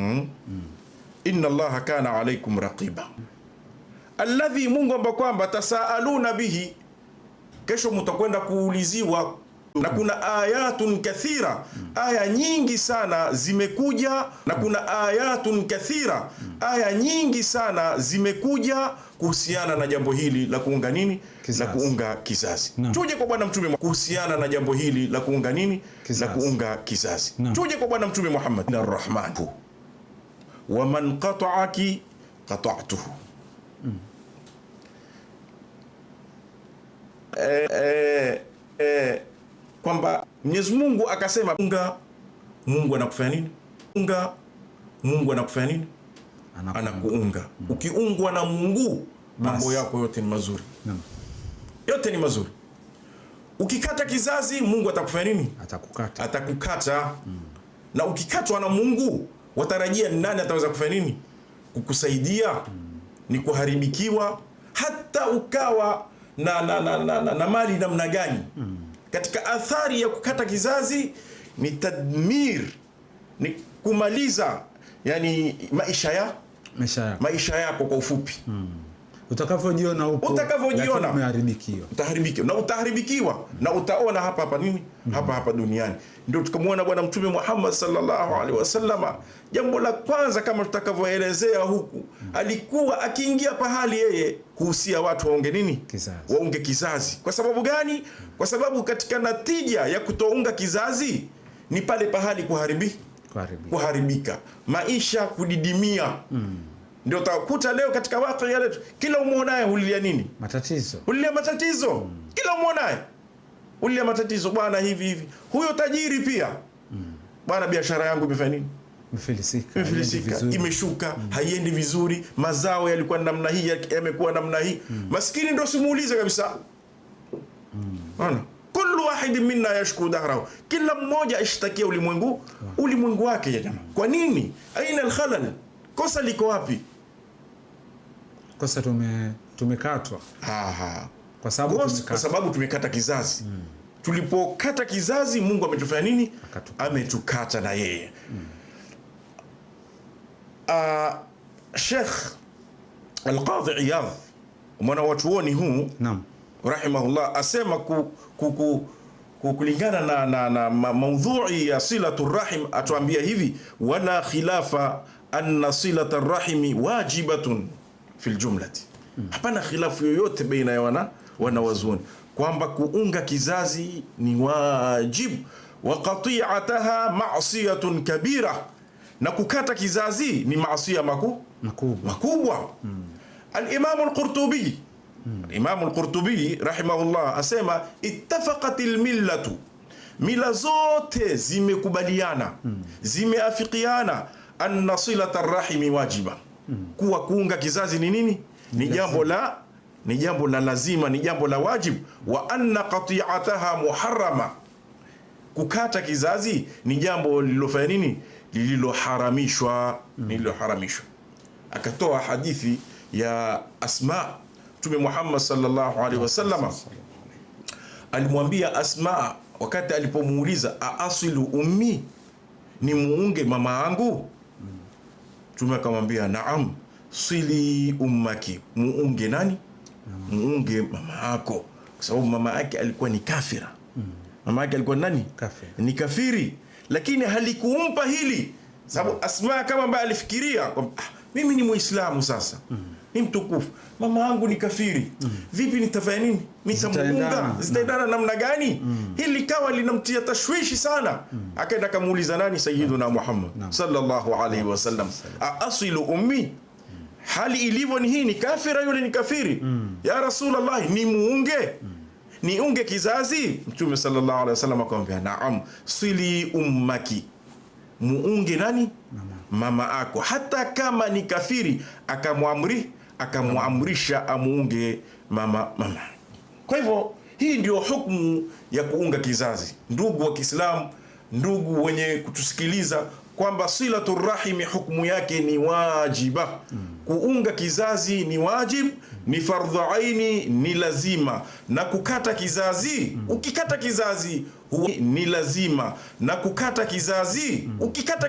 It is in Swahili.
mm? inna allaha kana alaikum raqiba alladhi Mungu amba kwamba tasaaluna bihi, kesho mutakwenda kuuliziwa na kuna ayatun kathira, aya nyingi sana zimekuja. Na kuna ayatun kathira, aya nyingi sana zimekuja kuhusiana na jambo hili la kuunga nini, la kuunga kizazi. Tuje kwa bwana mtume kuhusiana na jambo hili la kuunga nini, la kuunga kizazi. Tuje kwa bwana mtume Muhammad arrahman wa man qata'aki qata'tuhu. Eh, eh, eh, kwamba Mwenyezi Mungu akasema unga Mungu anakufanya nini? Unga Mungu anakufanya nini? Anakuunga. Mm. Ukiungwa na Mungu mambo yako yote ni mazuri. Mm. Yote ni mazuri. Ukikata kizazi Mungu atakufanya nini? Atakukata. Atakukata. Mm. Na ukikatwa na Mungu watarajia nani ataweza kufanya nini kukusaidia? Ni kuharibikiwa, hata ukawa na, na, na, na, na, na mali namna gani. Katika athari ya kukata kizazi ni tadmir, ni kumaliza yani maisha ya maisha yako kwa ufupi utakavyojiona huko, utakavyojiona umeharibikiwa, utaharibikiwa na utaharibikiwa na utaona hapa hapa nini mm. hapa hapa duniani. Ndio tukamwona Bwana Mtume Muhammad sallallahu alaihi wasallama, jambo la kwanza kama tutakavyoelezea huku mm. alikuwa akiingia pahali, yeye kuhusia watu waonge nini, kizazi. waunge kizazi. Kwa sababu gani? Kwa sababu katika natija ya kutounga kizazi ni pale pahali kuharibi kuharibika, kuharibika, maisha kudidimia mm ndio utakuta leo katika watu yale, kila umwonaye hulilia nini? Matatizo, hulilia matatizo mm. Kila umwonaye hulilia matatizo, bwana hivi hivi, huyo tajiri pia mm. Bwana biashara yangu imefanya nini? Imefilisika, imefilisika, imeshuka mm. haiendi vizuri, mazao yalikuwa namna hii, yamekuwa namna hii mm. Maskini ndio simuulize kabisa mm. Ona kullu wahid minna yashku dahrahu, kila mmoja ashtakia ulimwengu ulimwengu wake. Ya jamaa, kwa nini? aina alkhalal, kosa liko wapi? Sasa tume tumekatwa. Aha. Kwa sababu tumekata, kwa sababu tumekata kizazi mm. Tulipokata kizazi Mungu ametufanya nini? Ametukata na yeye mm. Uh, Sheikh Al-Qadhi Iyad mwana wa chuoni huu naam, rahimahullah asema ku, ku, ku, ku kulingana na, na, na maudhui ya silatu rahim atuambia hivi wala khilafa anna silata rahimi wajibatun fil jumlati mm. Hapana khilafu yoyote baina ya wana wanawazuoni kwamba kuunga kizazi ni wajibu wa qati'ataha ma'siyatun kabira, na kukata kizazi ni masia maku, makubwa, makubwa. Mm. Al-Imam al-Qurtubi mm. rahimahullah asema ittafaqat al mila zote zimekubaliana mm. zimeafikiana, anna silata rahimi wajiba kuwa kuunga kizazi ni nini? Ni jambo la ni jambo la lazima, ni jambo la wajibu. Wa anna qati'ataha muharrama, kukata kizazi ni jambo lililofanya nini? Lililoharamishwa, mm. lililoharamishwa. Akatoa hadithi ya Asma. Mtume Muhammad sallallahu alaihi wasallam alimwambia Asma wakati alipomuuliza, aasilu ummi, ni muunge mama yangu Mtume akamwambia naam, sili ummaki, muunge nani? mm. muunge mama yako, kwa sababu mama yake alikuwa ni kafira mm. mama yake alikuwa nani? Kafir. ni kafiri, lakini halikuumpa hili sababu mm. Asma kama ambaye alifikiria kwamba ah, mimi ni Muislamu sasa mm. ni mtukufu, mama yangu ni kafiri mm. vipi nitafanya nini? Nitamuunga, zitaendana mm. namna gani? mm. hili likawa linamtia tashwishi sana mm. akaenda akamuuliza nani? sayiduna Sayyiduna mm. Muhammad sallallahu alaihi wasallam, aasilu ummi mm. hali ilivyo ni hii, ni kafira, yule ni kafiri mm. ya Rasulullah, ni muunge mm. ni unge kizazi. Mtume sallallahu alaihi wasallam akamwambia, naam, sili ummaki, muunge nani? Mama mama ako, hata kama ni kafiri, akamwamri akamwamrisha amuunge mama mama. Kwa hivyo hii ndio hukumu ya kuunga kizazi. Ndugu wa Kiislamu, ndugu wenye kutusikiliza, kwamba silatu rahimi hukumu yake ni wajiba. Kuunga kizazi ni wajib, ni fardhu aini, ni lazima. Na kukata kizazi, ukikata kizazi ni lazima. Na kukata kizazi, ukikata